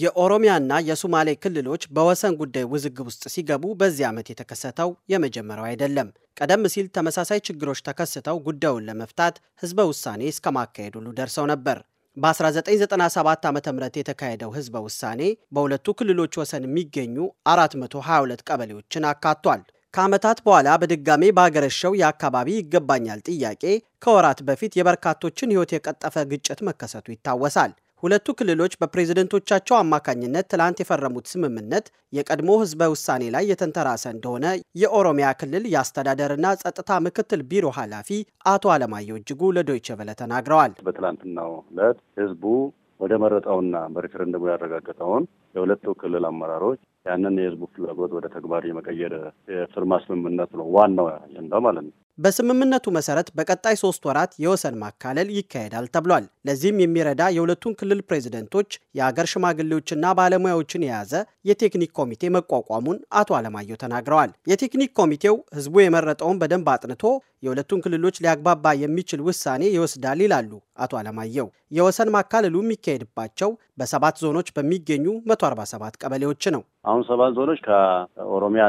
የኦሮሚያና የሱማሌ ክልሎች በወሰን ጉዳይ ውዝግብ ውስጥ ሲገቡ በዚህ ዓመት የተከሰተው የመጀመሪያው አይደለም። ቀደም ሲል ተመሳሳይ ችግሮች ተከስተው ጉዳዩን ለመፍታት ህዝበ ውሳኔ እስከ ማካሄድ ሁሉ ደርሰው ነበር። በ1997 ዓ ም የተካሄደው ህዝበ ውሳኔ በሁለቱ ክልሎች ወሰን የሚገኙ 422 ቀበሌዎችን አካቷል። ከዓመታት በኋላ በድጋሜ ባገረሸው የአካባቢ ይገባኛል ጥያቄ ከወራት በፊት የበርካቶችን ሕይወት የቀጠፈ ግጭት መከሰቱ ይታወሳል። ሁለቱ ክልሎች በፕሬዝደንቶቻቸው አማካኝነት ትላንት የፈረሙት ስምምነት የቀድሞ ህዝበ ውሳኔ ላይ የተንተራሰ እንደሆነ የኦሮሚያ ክልል የአስተዳደርና ጸጥታ ምክትል ቢሮ ኃላፊ አቶ አለማየሁ እጅጉ ለዶይቸ ተናግረዋል። በትላንትናው ዕለት ህዝቡ ወደ መረጠውና በሪፈረንደሙ ያረጋገጠውን የሁለቱ ክልል አመራሮች ያንን የህዝቡ ፍላጎት ወደ ተግባር የመቀየር የፊርማ ስምምነት ነው ዋናው ያንዳ ማለት ነው። በስምምነቱ መሰረት በቀጣይ ሶስት ወራት የወሰን ማካለል ይካሄዳል ተብሏል። ለዚህም የሚረዳ የሁለቱን ክልል ፕሬዝደንቶች፣ የአገር ሽማግሌዎችና ባለሙያዎችን የያዘ የቴክኒክ ኮሚቴ መቋቋሙን አቶ አለማየሁ ተናግረዋል። የቴክኒክ ኮሚቴው ህዝቡ የመረጠውን በደንብ አጥንቶ የሁለቱን ክልሎች ሊያግባባ የሚችል ውሳኔ ይወስዳል ይላሉ አቶ አለማየሁ። የወሰን ማካለሉ የሚካሄድባቸው በሰባት ዞኖች በሚገኙ 147 ቀበሌዎች ነው። አሁን ሰባት ዞኖች ከኦሮሚያ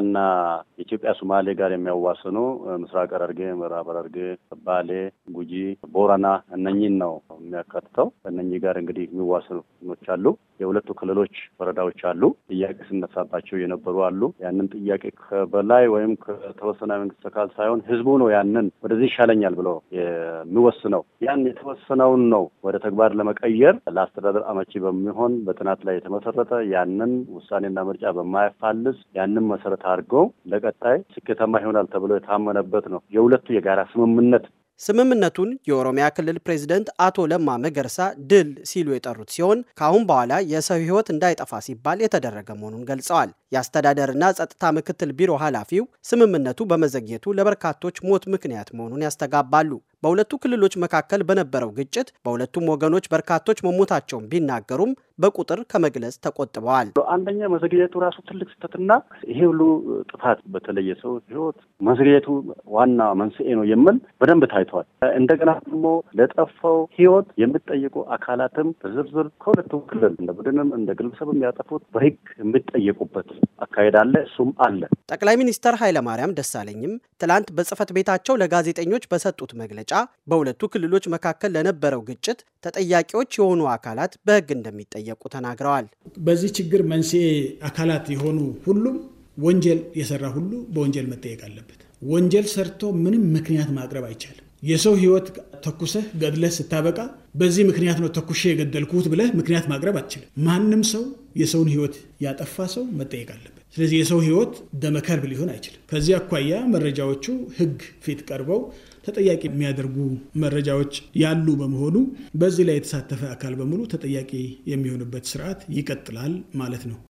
ኢትዮጵያ ሶማሌ ጋር የሚያዋስኑ ምስራቅ ሐረርጌ፣ ምዕራብ ሐረርጌ፣ ባሌ፣ ጉጂ፣ ቦረና እነኚህን ነው የሚያካትተው። እነኚህ ጋር እንግዲህ የሚዋስኖች አሉ። የሁለቱ ክልሎች ወረዳዎች አሉ። ጥያቄ ሲነሳባቸው የነበሩ አሉ። ያንን ጥያቄ ከበላይ ወይም ከተወሰነ መንግስት አካል ሳይሆን ህዝቡ ነው ያንን ወደዚህ ይሻለኛል ብሎ የሚወስነው። ያን የተወሰነውን ነው ወደ ተግባር ለመቀየር ለአስተዳደር አመቺ በሚሆን በጥናት ላይ የተመሰረተ ያንን ውሳኔና ምርጫ መግለጫ በማያፋልስ ያንን መሰረት አድርገው ለቀጣይ ስኬታማ ይሆናል ተብሎ የታመነበት ነው የሁለቱ የጋራ ስምምነት። ስምምነቱን የኦሮሚያ ክልል ፕሬዚደንት አቶ ለማ መገርሳ ድል ሲሉ የጠሩት ሲሆን ከአሁን በኋላ የሰው ሕይወት እንዳይጠፋ ሲባል የተደረገ መሆኑን ገልጸዋል። የአስተዳደርና ጸጥታ ምክትል ቢሮ ኃላፊው ስምምነቱ በመዘግየቱ ለበርካቶች ሞት ምክንያት መሆኑን ያስተጋባሉ። በሁለቱ ክልሎች መካከል በነበረው ግጭት በሁለቱም ወገኖች በርካቶች መሞታቸውን ቢናገሩም በቁጥር ከመግለጽ ተቆጥበዋል። አንደኛ መዘግየቱ ራሱ ትልቅ ስህተትና ይሄ ሁሉ ጥፋት በተለየ ሰው ሕይወት መዘግየቱ ዋና መንስኤ ነው የምል በደንብ ታይቷል። እንደገና ደግሞ ለጠፋው ሕይወት የሚጠየቁ አካላትም በዝርዝር ከሁለቱ ክልል እንደ ቡድንም እንደ ግለሰብም ያጠፉት በሕግ የሚጠየቁበት አካሄድ አለ። እሱም አለ። ጠቅላይ ሚኒስተር ኃይለማርያም ደሳለኝም ትላንት በጽህፈት ቤታቸው ለጋዜጠኞች በሰጡት መግለጫ ምርጫ በሁለቱ ክልሎች መካከል ለነበረው ግጭት ተጠያቂዎች የሆኑ አካላት በሕግ እንደሚጠየቁ ተናግረዋል። በዚህ ችግር መንስኤ አካላት የሆኑ ሁሉም ወንጀል የሰራ ሁሉ በወንጀል መጠየቅ አለበት። ወንጀል ሰርቶ ምንም ምክንያት ማቅረብ አይቻልም። የሰው ህይወት ተኩሰህ ገድለህ ስታበቃ በዚህ ምክንያት ነው ተኩሼ የገደልኩት ብለህ ምክንያት ማቅረብ አትችልም። ማንም ሰው የሰውን ህይወት ያጠፋ ሰው መጠየቅ አለበት። ስለዚህ የሰው ህይወት ደመከርብ ሊሆን አይችልም። ከዚህ አኳያ መረጃዎቹ ህግ ፊት ቀርበው ተጠያቂ የሚያደርጉ መረጃዎች ያሉ በመሆኑ በዚህ ላይ የተሳተፈ አካል በሙሉ ተጠያቂ የሚሆንበት ስርዓት ይቀጥላል ማለት ነው።